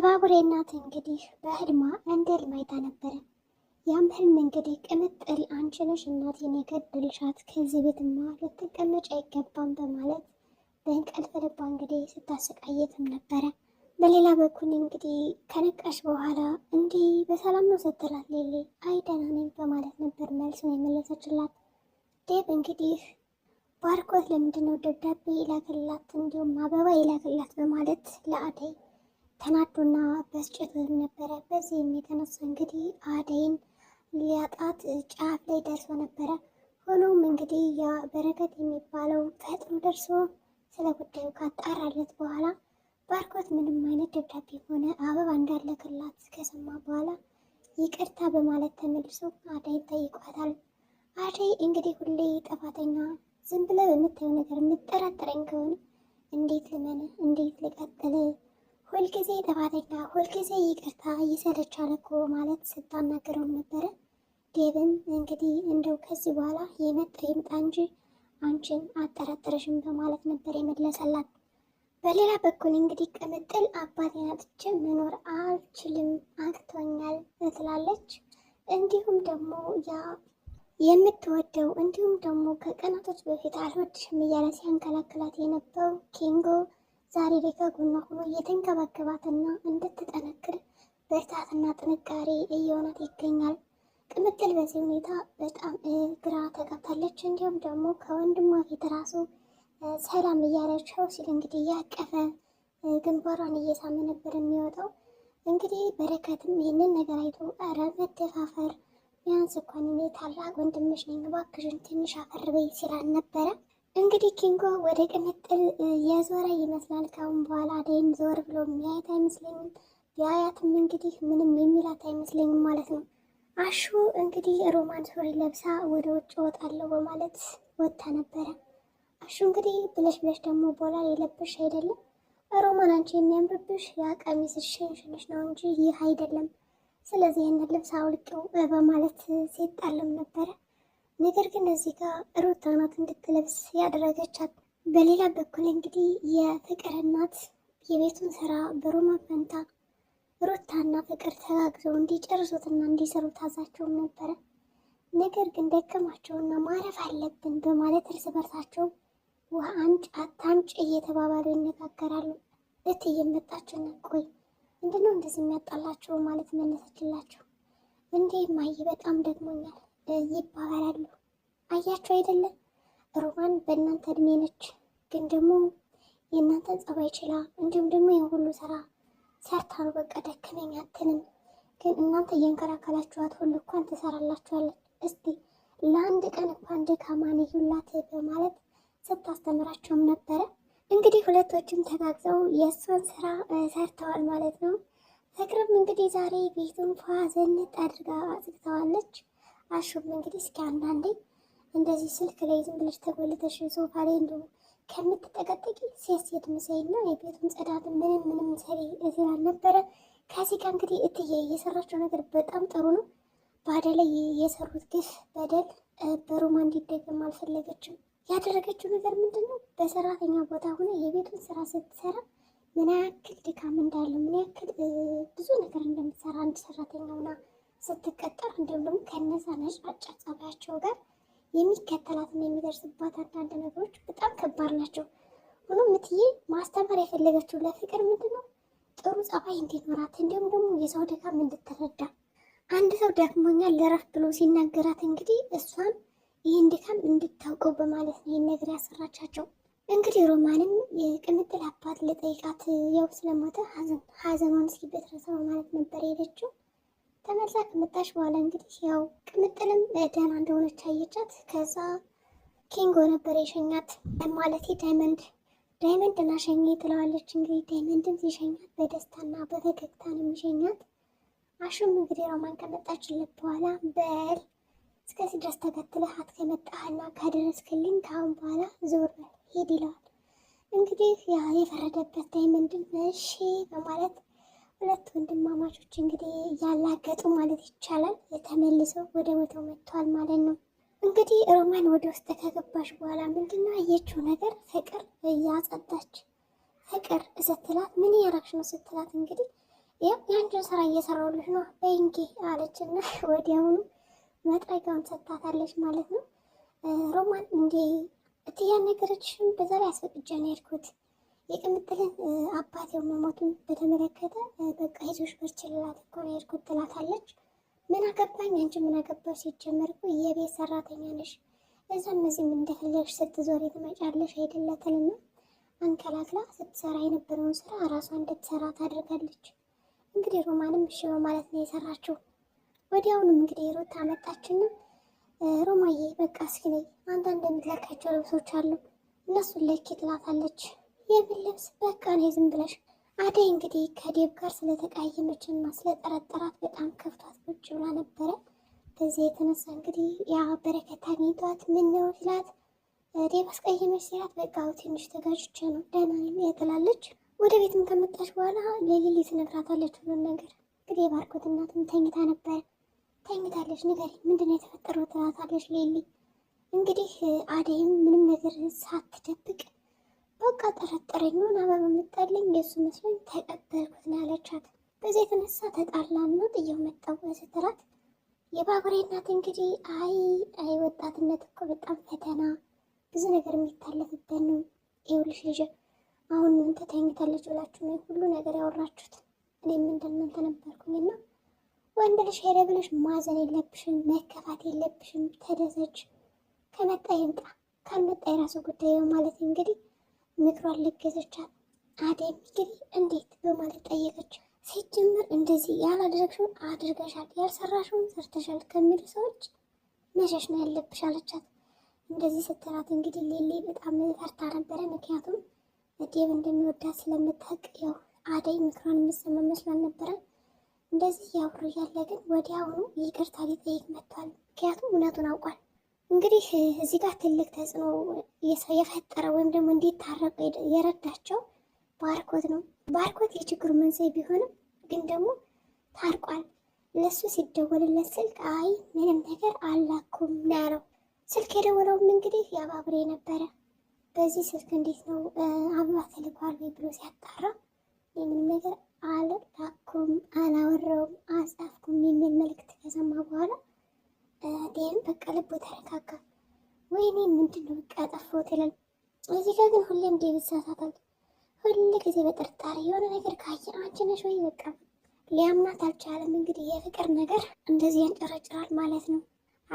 የባቡሬ እናት እንግዲህ በህልማ እንደ ህልም አይታ ነበረ። ያም ህልም እንግዲህ ቅምጥል አንቺ ነሽ እናቴን የገደልሻት፣ ከዚህ ቤትማ ልትቀመጭ አይገባም በማለት በእንቅልፍ ልቧ እንግዲህ ስታሰቃየትም ነበረ። በሌላ በኩል እንግዲህ ከነቃሽ በኋላ እንዲህ በሰላም ነው ስትላት፣ ሌሌ አይ ደህና ነኝ በማለት ነበር መልስ የመለሰችላት። ዴብ እንግዲህ ባርኮት ለምንድነው ደብዳቤ ይላክላት እንዲሁም አበባ ይላክላት በማለት ለአደይ ተናዶና በስጭት ነበረ። በዚህም የተነሳ እንግዲህ አደይን ሊያጣት ጫፍ ላይ ደርሶ ነበረ። ሆኖም እንግዲህ ያ በረከት የሚባለው ፈጥኖ ደርሶ ስለ ጉዳዩ ካጣራለት በኋላ ባርኮት ምንም አይነት ደብዳቤ ሆነ አበባ እንዳለክላት ከሰማ በኋላ ይቅርታ በማለት ተመልሶ አደይ ጠይቋታል። አደይ እንግዲህ ሁሌ ጠፋተኛ ዝም ብለህ በምታየው ነገር የምጠራጠረኝ ከሆነ እንዴት ልመን፣ እንዴት ልቀጥል ሁልጊዜ ጥፋተኛ፣ ሁልጊዜ ይቅርታ ይሰለቻል እኮ ማለት ስታናገረውም ነበረ። ዴብም እንግዲህ እንደው ከዚህ በኋላ የመጣ ይምጣ እንጂ አንቺን አጠራጠረሽም በማለት ነበር የመለሰላት። በሌላ በኩል እንግዲህ ቅምጥል አባቴን አጥቼ መኖር አልችልም አቅቶኛል ትላለች። እንዲሁም ደግሞ ያ የምትወደው እንዲሁም ደግሞ ከቀናቶች በፊት አልወድሽም እያለ ሲያንከላክላት የነበረው ኪንጎ ዛሬ ላይ ከጎኗ ሆኖ እየተንከባከባትና እንድትጠነክር ብርታትና ጥንካሬ እየሆናት ይገኛል። ቅምጥል በዚህ ሁኔታ በጣም ግራ ተጋብታለች። እንዲሁም ደግሞ ከወንድሟ ፊት ራሱ ሰላም እያለችው ሲል እንግዲህ ያቀፈ ግንባሯን እየሳመ ነበር የሚወጣው። እንግዲህ በረከትም ይህንን ነገር አይቶ ኧረ መደፋፈር ቢያንስ እንኳን እኔ ታላቅ ወንድምሽ ነኝ፣ እባክሽን ትንሽ አፈር በይ ሲላል ነበረ። እንግዲህ ኪንጎ ወደ ቅምጥል የዞረ ይመስላል። ካሁን በኋላ አደይም ዞር ብሎ የሚያየት አይመስለኝም። የአያትም እንግዲህ ምንም የሚላት አይመስለኝም ማለት ነው። አሹ እንግዲህ ሮማን ሱሪ ለብሳ ወደ ውጭ ወጣለሁ በማለት ወጥታ ነበረ። አሹ እንግዲህ ብለሽ ብለሽ ደግሞ ቦላ የለብሽ አይደለም ሮማን፣ አንቺ የሚያምርብሽ ያ ቀሚስሽ ሽንሽንሽ ነው እንጂ ይህ አይደለም። ስለዚህ ይህንን ልብስ አውልቂው በማለት ሲጣልም ነበረ። ነገር ግን እዚህ ጋር ሩታ ናት እንድትለብስ ያደረገቻት። በሌላ በኩል እንግዲህ የፍቅር እናት የቤቱን ስራ በሮማ ፈንታ ሩታና ፍቅር ተጋግዘው እንዲጨርሱትና እንዲሰሩ ታዛቸውም ነበረ። ነገር ግን ደከማቸውና ማረፍ አለብን በማለት እርስ በርሳቸው ውሃ አንጭ እየተባባሉ ይነጋገራሉ። እት እየመጣችን ቆይ ምንድነው እንደዚህ የሚያጣላቸው ማለት መለሰችላቸው። እንዴ ማየ በጣም ደግሞኛል ይባባላሉ። አያቸው አይደለም ሮማን በእናንተ እድሜ ነች፣ ግን ደግሞ የእናንተን ጸባይ ችላ እንዲሁም ደግሞ የሁሉ ስራ ሰርታ ነው በቃ ደከመኝ አትልም። ግን እናንተ እየንከራከላችኋት ሁሉ እንኳን ትሰራላችኋለች። እስቲ ለአንድ ቀን እንኳን ድካማ ልዩላት በማለት ስታስተምራቸውም ነበረ። እንግዲህ ሁለቶችም ተጋግዘው የእሷን ስራ ሰርተዋል ማለት ነው። ፍቅርም እንግዲህ ዛሬ ቤቱን ፏ ዘንጥ አድርጋ አጽድተዋለች። አሹም እንግዲህ እስኪ አንዳንዴ እንደዚህ ስልክ ላይ ዝም ብለሽ ተጎልተሽ ሶፋ ላይ ከምትጠቀጠቂ ሴት ሴት ነው የቤቱን ጽዳት ምንም ምንም ሰሪ እዚህ አልነበረ። ከዚህ ጋር እንግዲህ እትዬ የሰራቸው ነገር በጣም ጥሩ ነው። ባደ ላይ የሰሩት ግፍ በደል በሮማ እንዲደገም አልፈለገችም። ያደረገችው ነገር ምንድን ነው? በሰራተኛ ቦታ ሆነ የቤቱን ስራ ስትሰራ ምን ያክል ድካም እንዳለው ምን ያክል ብዙ ነገር እንደምትሰራ አንድ ሰራተኛ ሆና ስትቀጠር እንዲሁም ደግሞ ከነዛ ነጫጫ ጸባያቸው ጋር የሚከተላትና የሚደርስባት አንዳንድ ነገሮች በጣም ከባድ ናቸው። ሆኖም ምትዬ ማስተማር የፈለገችው ለፍቅር ምንድን ነው ጥሩ ጸባይ እንዲኖራት እንዲሁም ደግሞ የሰው ድካም እንድትረዳ አንድ ሰው ደክሞኛል ለረፍ ብሎ ሲናገራት እንግዲህ እሷም ይህን ድካም እንድታውቀው በማለት ነው ይህን ነገር ያሰራቻቸው። እንግዲህ ሮማንም የቅምጥል አባት ለጠይቃት ያው ስለሞተ ሀዘኗን እስኪ በትረሳ በማለት ነበር የሄደችው። ተመልሳ ከመጣሽ በኋላ እንግዲህ ያው ቅምጥልም ደህና እንደሆነች አየቻት። ከዛ ኪንጎ ነበር የሸኛት ማለት ዳይመንድ ዳይመንድ ና ሸኝ ትለዋለች። እንግዲህ ዳይመንድም ሲሸኛት በደስታና በፈገግታ ነው የሚሸኛት። አሹም እንግዲህ ሮማን ከመጣችለት በኋላ በል እስከዚህ ድረስ ተከትለህ ከመጣህና ካደረስክልኝ ከአሁን በኋላ ዞር ሂድ ይለዋል። እንግዲህ ያ የፈረደበት ዳይመንድን እሺ በማለት ሁለት ወንድማማቾች እንግዲህ ያላገጡ ማለት ይቻላል የተመልሰው ወደ ቦታው መጥተዋል ማለት ነው። እንግዲህ ሮማን ወደ ውስጥ ከገባች በኋላ ምንድነው ያየችው ነገር ፍቅር እያጸዳች ፍቅር ስትላት ምን ያረግሽ ነው ስትላት እንግዲህ የአንድን ስራ እየሰራሁልሽ ነው በእንጌ አለችና ወዲያውኑ መጥረጊያውን ሰጥታታለች ማለት ነው። ሮማን እንዴ እትያ ነገረችሽን በዛ ላይ አስፈቅጃ ነው የሄድኩት የቅምጥል አባቴው መሞቱን በተመለከተ በቃ ይዞሽ በርችልላት እኮ ነው የሄድኩት ትላታለች። ምን አገባኝ አንቺ ምን አገባሽ? ሲጀመር እኮ የቤት ሰራተኛ ነሽ፣ እዛም እዚህም እንደፈለግሽ ስትዞሪ ትመጫለሽ አይደለትንና አንከላክላ ስትሰራ የነበረውን ስራ ራሷ እንድትሰራ ታደርጋለች። እንግዲህ ሮማንም እሺ በማለት ነው የሰራችው። ወዲያውንም እንግዲህ ሩት አመጣችና ሮማዬ በቃ እስኪ ነይ አንተ የምትለካቸው ልብሶች አሉ እነሱን ለኪ ትላታለች። የምን ልብስ በቃ ነው ዝም ብለሽ። አደይ እንግዲህ ከዴብ ጋር ስለተቃየመችና ስለጠረጠራት በጣም ከፍቷት ቁጭ ብላ ነበረ። በዚህ የተነሳ እንግዲህ ያ በረከት አግኝቷት ምን ነው ይላት ዴብ አስቀየመች ሲላት በቃ ትንሽ ተጋጭቼ ነው ደህና የትላለች። ወደ ቤትም ከመጣች በኋላ ለሊሊ ትነግራታለች ሁሉን ነገር። እንግዲህ የባርኮት እናትም ተኝታ ነበረ። ተኝታለች ንገሪ ምንድነው የተፈጠረው ትላታለች ሌሊ። እንግዲህ አደይም ምንም ነገር ሳትደብቅ በቃ ጠረጠረኝ ምን አበብ የምጣለኝ የእሱ መስሎኝ ተቀበልኩት ነው ያለቻት። በዚህ የተነሳ ተጣላን ነው ጥየው መጣው ስትላት የባቡሬ እናት እንግዲህ አይ አይ ወጣትነት እኮ በጣም ፈተና ብዙ ነገር የሚታለፍበት ነው። ይኸውልሽ ልጅ አሁን ምን ተተኝታለች ብላችሁ ነው ሁሉ ነገር ያወራችሁት? እኔ ምን ምንድን ምን ተነበርኩኝና ወንድ ልጅ ሄደ ብለሽ ማዘን የለብሽም መከፋት የለብሽም። ተደሰች ከመጣ ይምጣ ካልመጣ የራሱ ጉዳይ ማለት እንግዲህ ምክሯን ለገሰቻት። አደይ እንግዲህ እንዴት በማለት ጠየቀችው። ሲጀምር እንደዚህ ያላደረግሽውን አድርገሻል፣ ያልሰራሽውን ሰርተሻል ከሚሉ ሰዎች መሸሽ ነው ያለብሽ አለቻት። እንደዚህ ስትላት እንግዲህ ሌሌ በጣም ፈርታ ነበረ። ምክንያቱም ዴብ እንደሚወዳት ስለምታውቅ ያው አደይ ምክሯን የምትሰማ መስሎ ነበረ። እንደዚህ ያወሩ እያለ ግን ወዲያውኑ ይቅርታ ሊጠይቅ መጥቷል። ምክንያቱም እውነቱን አውቋል። እንግዲህ እዚህ ጋር ትልቅ ተጽዕኖ የፈጠረ ወይም ደግሞ እንዲታረቁ የረዳቸው ባርኮት ነው። ባርኮት የችግሩ መንስኤ ቢሆንም ግን ደግሞ ታርቋል። ለሱ ሲደወልለት ስልክ አይ ምንም ነገር አላኩም ና ነው። ስልክ የደወለውም እንግዲህ የአባብሬ ነበረ። በዚህ ስልክ እንዴት ነው አበባ ተልኳል ብሎ ሲያጣራ ምንም ነገር አላኩም፣ አላወራውም፣ አጻፍኩም የሚል መልእክት ከሰማ በኋላ ዴቭ በቃ ልቡ ተረጋጋ። ወይኔ ምንድን ነው በቃ ያጠፋሁት ይላል። እዚህ ጋር ግን ሁሌም ዴቭ ይሳሳታል። ሁል ጊዜ በጥርጣሬ የሆነ ነገር ካየ አንቺ ነሽ ወይ በቃ ሊያምናት አልቻለም። እንግዲህ የፍቅር ነገር እንደዚህ ያንጨረጭራል ማለት ነው።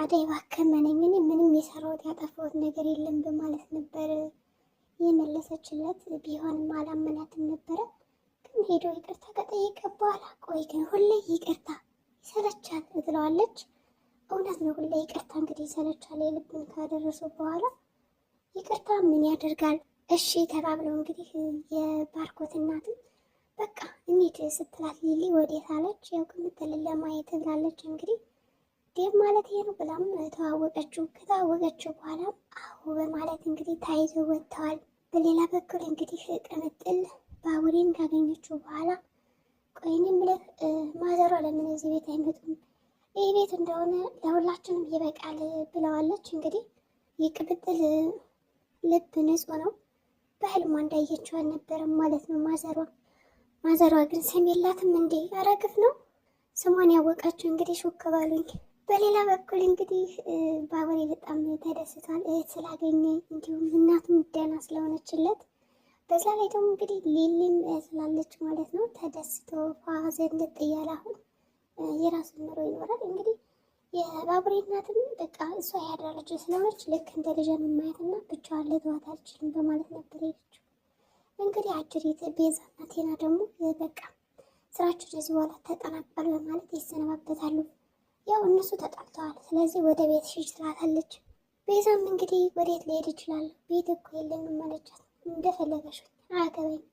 አደይ ባከመነኝ እኔ ምንም የሰራሁት ያጠፋሁት ነገር የለም በማለት ነበር የመለሰችለት። ቢሆንም አላመናትም ነበረ። ግን ሄዶ ይቅርታ ከጠየቀ በኋላ ቆይ ግን ሁሌ ይቅርታ ይሰለቻል ትለዋለች። እውነት ነው። ሁላ ይቅርታ እንግዲህ ይሰለቻል። የልብን ካደረሱ በኋላ ይቅርታ ምን ያደርጋል? እሺ ተባብለው እንግዲህ የባርኮት እናትም በቃ እንሂድ ስትላት ሊሊ ወዴት አለች። ያው ቅምጥልን ለማየት ብላለች። እንግዲህ ዴብ ማለት ይሄ ነው ብላም ተዋወቀችው። ከተዋወቀችው በኋላ አሁ በማለት እንግዲህ ታይዞ ወጥተዋል። በሌላ በኩል እንግዲህ ቅምጥል ባቡሬን ካገኘችው በኋላ ቆይንም ብለህ ማዘሯ ለምን እዚህ ቤት አይመጡም ይህ ቤት እንደሆነ ለሁላችንም ይበቃል ብለዋለች። እንግዲህ የቅብጥል ልብ ንጹህ ነው። በህልሟ እንዳየችው አልነበረም ማለት ነው። ማዘሯ ማዘሯ ግን ስም የላትም እንዴ? ኧረ ግፍ ነው። ስሟን ያወቃችሁ እንግዲህ ሹክ በሌላ በኩል እንግዲህ ባቡሬ በጣም ተደስቷል እህት ስላገኘ እንዲሁም እናቱም ደህና ስለሆነችለት በዛ ላይ ደግሞ እንግዲህ ሊሊም ስላለች ማለት ነው ተደስቶ ዘንድ እያለ አሁን የራሱ ኑሮ ይኖራል። እንግዲህ የባቡሬ እናትም በቃ እሷ ያደረጀ ስለሆነች ልክ እንደ ልጅን የማያትና ብቻዋን ልተዋት አልችልም በማለት ነበር የሄደችው። እንግዲህ ቤዛ ቤዛና ቴና ደግሞ በቃ ስራቸው እዚህ በኋላ ተጠናቋል በማለት ይሰነባበታሉ። ያው እነሱ ተጣልተዋል። ስለዚህ ወደ ቤት ሽሽ ትላታለች። ቤዛም እንግዲህ ወዴት ሊሄድ ይችላል? ቤት እኮ የለኝም አለቻት። እንደፈለገሽ አያገባኝም፣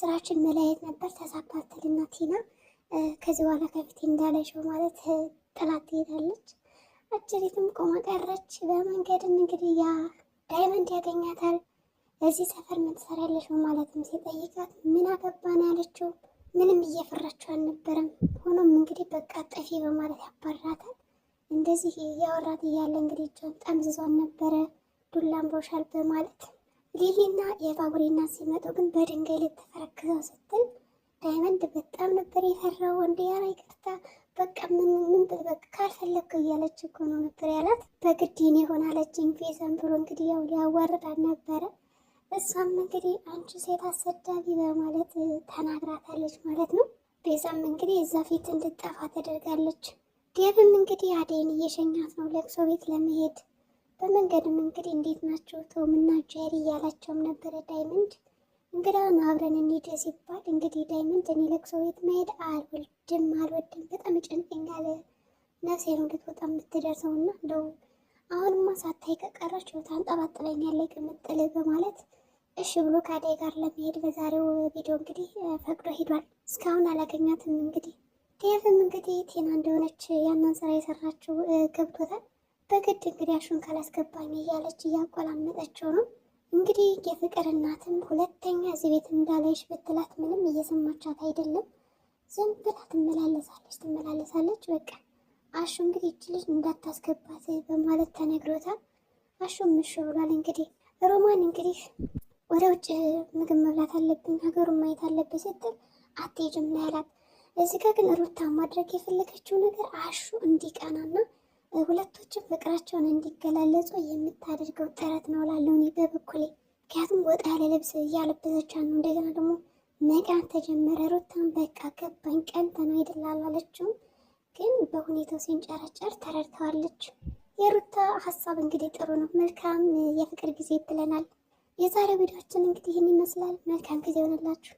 ስራችን መለያየት ነበር ተሳካተልና ቴና ከዚህ በኋላ ከፊት እንዳለሽው ማለት ጥላት ትሄዳለች። አጭሪትም ቆማ ቀረች። በመንገድም እንግዲህ ያ ዳይመንድ ያገኛታል። እዚህ ሰፈር ምን ትሰሪያለሽ በማለትም ሲጠይቃት ምን ነው ያለችው ምንም እየፈራችው አልነበረም። ሆኖም እንግዲህ በቃ ጠፊ በማለት ያባራታል። እንደዚህ እያወራት እያለ እንግዲህ እጇን ጠምዝዟን ነበረ ዱላም አምሮሻል በማለት ሊሊና የባቡሬና ሲመጡ ግን በድንጋይ ልትፈረክዘው ስትል ዳይመንድ በጣም ነበር የፈራው። ወንድ ያራ ይቅርታ በቃ ምን ምን በቃ ካልፈለግኩ እያለች እኮ ነው ነበር ያላት። በግድ የኔ ሆን አለችኝ ፌዛን ብሎ እንግዲህ ያው ሊያዋርዳት ነበረ። እሷም እንግዲህ አንቺ ሴት አሰዳቢ በማለት ተናግራታለች ማለት ነው። ቤዛም እንግዲህ እዛ ፊት እንድጠፋ ተደርጋለች። ዴቭም እንግዲህ አደይን እየሸኛት ነው ለቅሶ ቤት ለመሄድ። በመንገድም እንግዲህ እንዴት ናቸው ተውምና ጄሪ እያላቸውም ነበረ ዳይመንድ እንግዳውን አብረን እንሂድ ሲባል እንግዲህ ዳይመንድ እኔ ለቅሶ ቤት መሄድ አልወድም አልወድም በጣም ይጨንቀኛል ነፍሴ ነው በጣም የምትደርሰው እና እንደው አሁንማ ሳታይ ከቀረች ታንጠባጥለኛለች ቅምጥል በማለት እሺ ብሎ ከአደይ ጋር ለመሄድ በዛሬው ቪዲዮ እንግዲህ ፈቅዶ ሄዷል። እስካሁን አላገኛትም። እንግዲህ ዴቭም እንግዲህ ቴና እንደሆነች ያንን ስራ የሰራችው ገብቶታል። በግድ እንግዲህ አሹን ካላስገባኝ እያለች እያቆላመጠችው ነው። እንግዲህ የፍቅር እናትም ሁለተኛ እዚህ ቤት እንዳለሽ ብትላት ምንም እየሰማቻት አይደለም። ዝም ብላ ትመላለሳለች ትመላለሳለች። በቃ አሹ እንግዲህ እች ልጅ እንዳታስገባት በማለት ተነግሮታል። አሹ ምሽ ብሏል። እንግዲህ ሮማን እንግዲህ ወደ ውጭ ምግብ መብላት አለብኝ ሀገሩን ማየት አለብኝ ስትል አትሄጂም ያላት። እዚህ ግን ሩታ ማድረግ የፈለገችው ነገር አሹ እንዲቀናና ሁለቶችን ፍቅራቸውን እንዲገላለጹ የምታደርገው ጥረት ነው እላለሁ እኔ በበኩሌ። ምክንያቱም ወጣ ያለ ልብስ እያለበሰች ነው። እንደገና ደግሞ መቃን ተጀመረ። ሩታን በቃ ገባኝ ቀንተን አይደል ግን በሁኔታው ሲንጨረጨር ተረድተዋለች። የሩታ ሀሳብ እንግዲህ ጥሩ ነው። መልካም የፍቅር ጊዜ ብለናል። የዛሬው ቪዲዮችን እንግዲህ ይህን ይመስላል። መልካም ጊዜ ይሆንላችሁ።